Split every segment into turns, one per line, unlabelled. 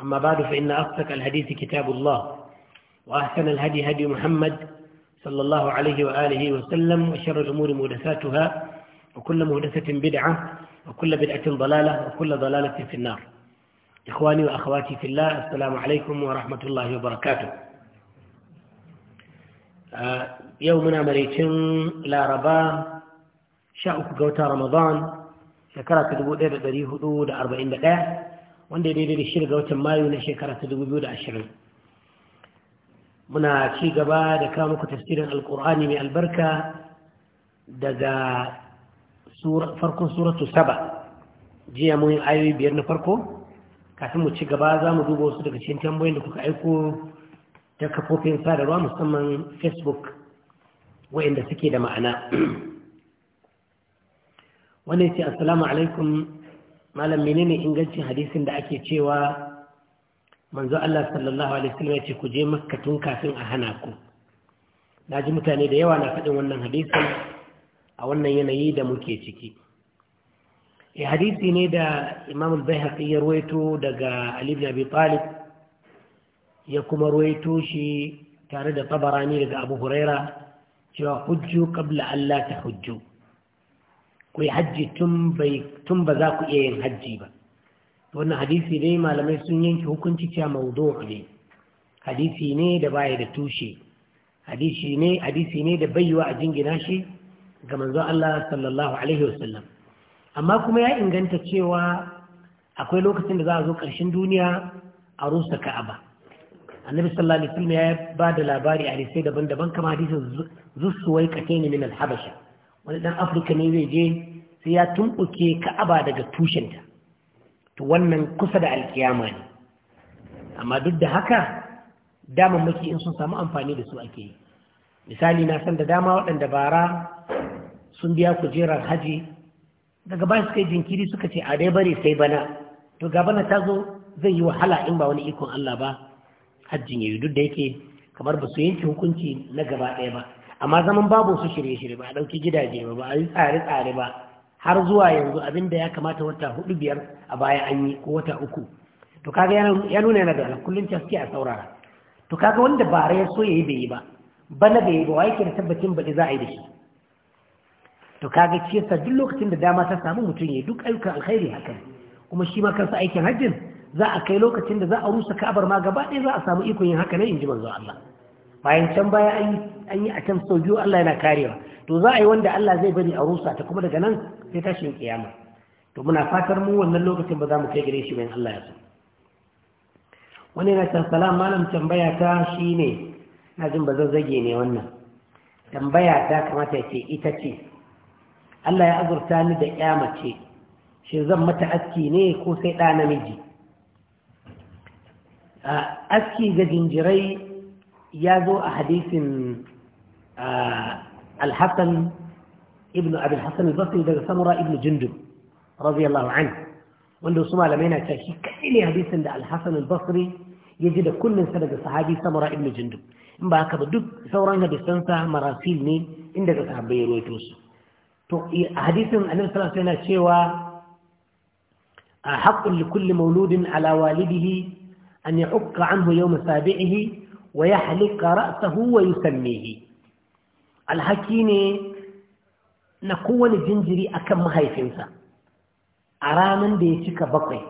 أما بعد فإن أصدق الحديث كتاب الله وأحسن الهدي هدي محمد صلى الله عليه وآله وسلم وشر الأمور مهدساتها وكل مهدسة بدعة وكل بدعة ضلالة وكل ضلالة في النار إخواني وأخواتي في الله السلام عليكم ورحمة الله وبركاته آه، يومنا مريتين لا ربا شاء قوتا رمضان شكرا كدبو دير دريه دود أربعين دقائق wanda ya daidai da ga watan mayu na shekara ta 2020 muna ci gaba da kawo muku tafsirin alkur'ani mai albarka daga farkon suratu saba jiya mun ayoyi biyar na farko kafin mu ci gaba za mu duba wasu daga cikin tambayoyin da kuka aiko ta kafofin sadarwa musamman facebook wa'inda suke da ma'ana wannan ce assalamu alaikum malam menene ingancin hadisin da ake cewa manzo Allah sallallahu alaihi wasallam ya ce ku je makka tun kafin a hana ku naji mutane da yawa na faɗin wannan hadisin a wannan yanayi da muke ciki eh hadisi ne da Imam al bayhaqi ya ruwaito daga Ali ibn Abi Talib ya kuma ruwaito shi tare da Tabarani daga Abu Huraira cewa hujju qabla Allah ta hujju ku yi hajji tun ba za ku iya yin hajji ba wannan hadisi dai malamai sun yanke hukunci cewa maudu ne hadisi ne da baya da tushe hadisi ne da baiwa a jingina shi ga manzo Allah sallallahu alaihi wasallam amma kuma ya inganta cewa akwai lokacin da za a zo ƙarshen duniya a rusa ka'aba annabi sallallahu alaihi wasallam ya ba da labari a hadisai daban-daban kamar hadisin zusuwai ne min al-habasha wani dan afirka ne zai je sai ya ka ka'aba daga tushenta to wannan kusa da alkiyama ne amma duk da haka maki in sun samu amfani da su ake yi misali na san da dama waɗanda bara sun biya kujerar haji daga ba su kai jinkiri suka ce a dai bare sai bana to ga bana ta zo zai yi wahala in ba wani ikon Allah ba hajjin yayi duk da yake kamar ba su yanke hukunci na gaba ɗaya ba amma zaman babu su shirye-shirye ba a ɗauki gidaje ba ba a yi tsare-tsare ba har zuwa yanzu abin da ya kamata wata hudu biyar a baya an yi ko wata uku to kaga ya nuna yana da kullum taske a saurara to kaga wanda bara ya so ya yi bai yi ba bana bai yi ba wa yake da tabbacin baɗi za a yi da shi to kaga ce sa duk lokacin da dama ta samu mutum ya duk ayyukan alkhairi hakan kuma shi ma kansa aikin hajjin za a kai lokacin da za a rusa ka'abar ma gaba ɗaya za a samu ikon yin haka ne in ji manzo Allah bayan can baya an yi a can sau biyu Allah yana karewa to za a yi wanda Allah zai bari a rusa ta kuma daga nan sai tashin kiyama to muna fatar mu wannan lokacin ba za mu kai gare shi bayan Allah ya so wani na can salam malam tambaya ta shine na jin ba zazzage ne wannan tambaya ta kamata ya ce ita ce Allah ya azurta ni da ya mace shi zan mata aski ne ko sai ɗa namiji aski ga jinjirai يازو أحاديث آه، الحسن ابن أبي الحسن البصري ده سمرة ابن جندب رضي الله عنه وانه سمع لمينا كاشي كأني حديث عند الحسن البصري يجد كل سنة صحابي سمرة ابن جندب إن باك بدك سمرة إنها بستنسى مراسيلني إن ده صحابي يروي توسع تو حديث عند الحسن البصري حق لكل مولود على والده أن يحق عنه يوم سابعه wa ya halika ra'asahu wa yusammihi alhaki ne na kowane jinjiri akan mahaifinsa a ranar da ya cika bakwai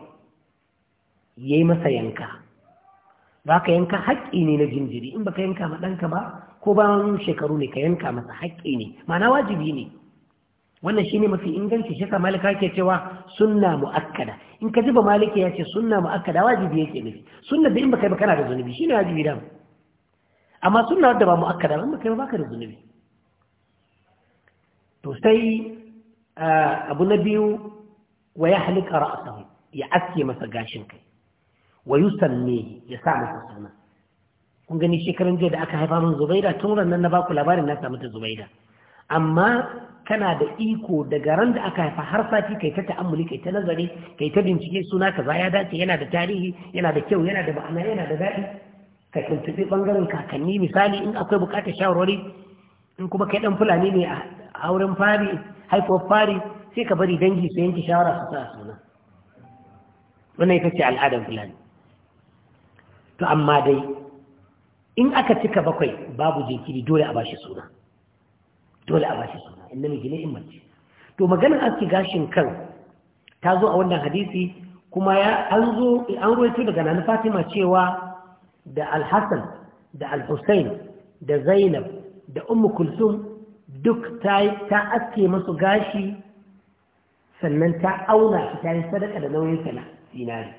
ya yi masa yanka ba yanka haƙƙi ne na jinjiri in baka yanka ma ɗanka ba ko bayan shekaru ne ka yanka masa haƙƙi ne mana wajibi ne wannan shine mafi inganci shi ka malika ke cewa sunna mu'akkada in ka ji ba maliki ya ce sunna mu'akkada wajibi yake nufi sunna da in baka kai ba kana da zunubi shine wajibi da mu amma suna wadda ba mu'akkada ba kai ba ka da zunubi to sai abu na biyu wa ya halika ra'asahu ya aske masa gashin kai wa yusanni ya sa masa suna kun gani shekaran jiya da aka haifa min zubaida tun ran nan na baku labarin na samu ta zubaida amma kana da iko daga ran da aka haifa har sati kai ta ta'ammuli kai ta nazari kai ta bincike suna kaza ya dace yana da tarihi yana da kyau yana da ma'ana yana da daɗi ka tuntuɓi ɓangaren kakanni misali in akwai buƙatar shawarwari in kuma kai ɗan fulani ne a auren fari haifuwar fari sai ka bari dangi su yanke shawara su sa suna wannan ita ce al'adar fulani to amma dai in aka cika bakwai babu jinkiri dole a bashi suna dole a bashi suna in namiji ne in mace to maganar aski gashin kan ta zo a wannan hadisi kuma ya an zo an ruwaito daga Fatima cewa da alhassan da alhussein da zainab da ummu kulsum duk ta aske masu gashi sannan ta auna shi ta yi sadaka da nauyin sana sinari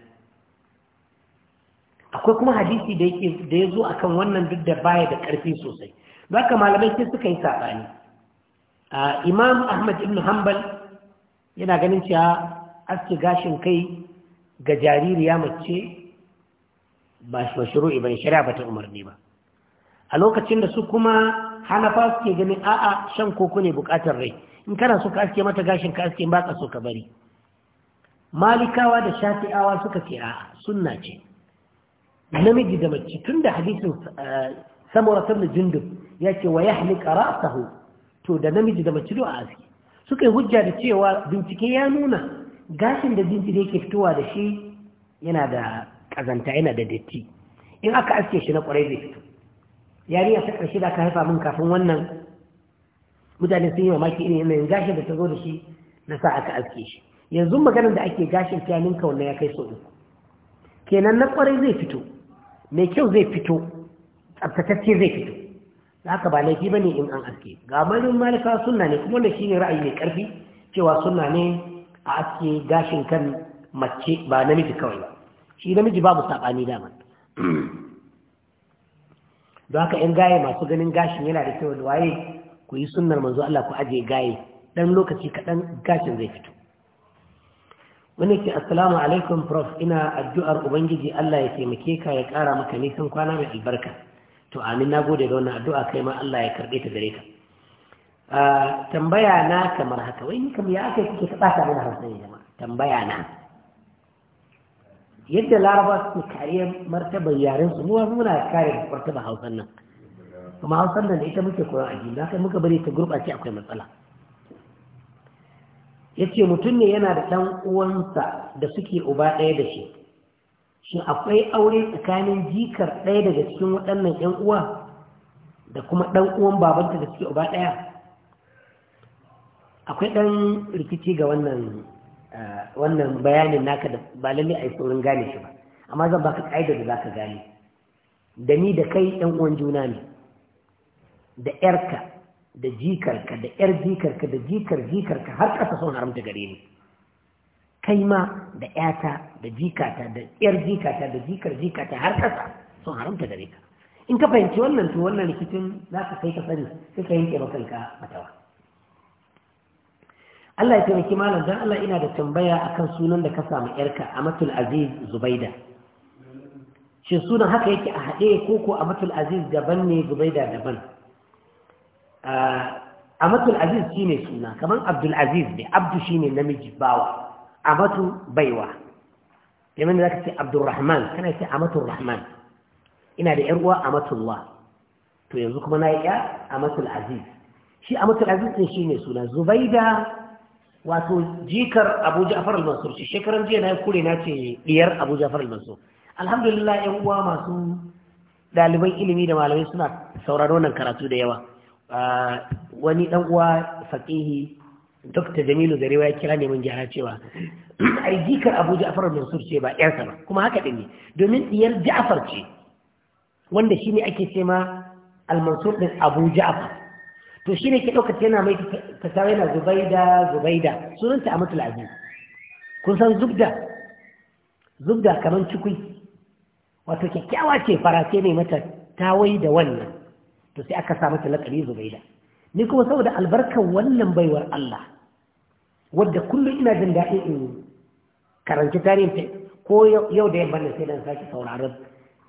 akwai kuma hadisi da ya zo a kan wannan duk da baya da ƙarfi sosai ba ka malamai sai suka yi saɓani imam ahmad ibn hanbal yana ganin cewa aske gashin kai ga jaririya mace ba mashru'i bane shari'a ba ta umarni ba a lokacin da su kuma hanafa suke ganin a'a shan koko ne bukatar rai in kana so ka aske mata gashin ka aske ba ka so ka bari malikawa da shafi'awa suka ce a'a sunna ce namiji da mace tun da hadisin eh, samura sabbin jindin ya ce wa ya yahlika ra'sahu to da namiji da mace a aski suka yi hujja da cewa bincike ya nuna gashin da jinjiri yake fitowa da shi yana da kazanta yana da datti in aka aske shi na kwarai zai fito yariya ta shi da aka haifa min kafin wannan mutane sun yi mamaki irin yanayin gashi da ta zo da shi na sa aka aske shi yanzu maganar da ake gashin ta ninka wannan ya kai so uku kenan na kwarai zai fito mai kyau zai fito tsabtatacce zai fito haka ba laifi bane in an aske ga malin malika sunna ne kuma da shine ra'ayi mai karfi cewa sunna ne a aske gashin kan mace ba namiji kawai ba shi namiji babu saɓani dama don haka ‘yan gaye masu ganin gashin yana da kyau da waye ku yi sunnar manzo Allah ku ajiye gaye ɗan lokaci kaɗan gashin zai fito wani ke assalamu alaikum prof ina addu'ar ubangiji Allah ya taimake ka ya kara maka nisan kwana mai albarka to amin na gode da wani addu'a kai ma Allah ya karɓe ta gare ka ah, tambaya na kamar haka wai ni kam ya aka kuke ka ɓata mana hausa ne jama'a tambaya na yadda laraba suke kariyar martabar yaren su muwa muna kare martabar Hausar nan kuma hausan nan da ita muke koyon addini haka muka bari ta gurɓace akwai matsala Ya ce mutum ne yana da ɗan uwansa da suke uba ɗaya da shi shin akwai aure tsakanin jikar ɗaya daga cikin waɗannan 'yan uwa da kuma ɗan uwan babanta da suke uba ɗaya akwai ɗan rikici ga wannan Eh, wannan bayanin naka da ba lalle yi saurin gane shi ba amma zan baka kaida da za ka gane da ni da kai ɗan uwan juna ne da ƴarka da jikarka da ƴar jikarka da jikar jikarka har ƙasa sun haramta gare ni kai ma da ƴata da jikata da ƴar jikata da jikar jikata har ƙasa sun haramta gare ka in ka fahimci wannan to wannan rikicin za ka kai ka sani sai ka yanke ba kanka matawa Allah ya taimaki malam dan Allah ina da tambaya akan sunan da ka samu yarka Amatul Aziz Zubaida. Shin sunan haka yake a haɗe ko ko Amatul Aziz daban ne Zubaida daban? Amatul Aziz ne suna kamar Abdul Aziz ne Abdu shi ne namiji bawa Amatu baiwa. Yamin da zaka ce Abdurrahman kana ce Amatul Rahman. Ina da yar uwa Amatullah. To yanzu kuma na yi ya Amatul Aziz. Shi Amatul Aziz din ne suna Zubaida wato jikar abu ja'far al-mansur shi shekaran jiya na kure na ce diyar abu ja'far al-mansur alhamdulillah yan uwa masu ɗaliban ilimi da malamai suna sauraron nan karatu da yawa wani dan uwa faqihi dr jamilu zarewa ya kira neman gyara cewa ai jikar abu ja'far al-mansur ce ba yarsa ba kuma haka din ne domin diyar ja'far ce wanda shine ake ce ma al-mansur din abu ja'far to shi ne ke ɗaukar yana mai ta yana zubaida zubaida sunanta a mutul abin. kun san zubda zubda kamar cikui wato kyakkyawa ce farace ne mata ta wai da wannan to sai aka sa mata laƙari zubaida ni kuma saboda albarkar wannan baiwar Allah wadda kullum ina jin daɗin in karanci ta ko yau da yamma ne sai dan sake sauraron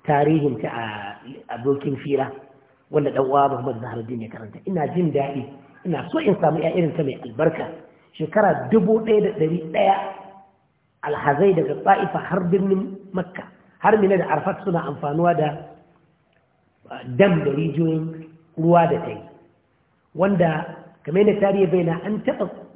tarihinta a abokin fira wanda dan uwa Muhammad Zaharuddin ya karanta ina jin daɗi ina so in samu ya irin ta mai albarka shekara dubu ɗaya da ɗari ɗaya alhazai daga tsa'ifa har birnin makka har mina da arfat suna amfanuwa da dam da rijiyoyin ruwa da ta yi wanda kamar yadda tarihi bai na an taɓa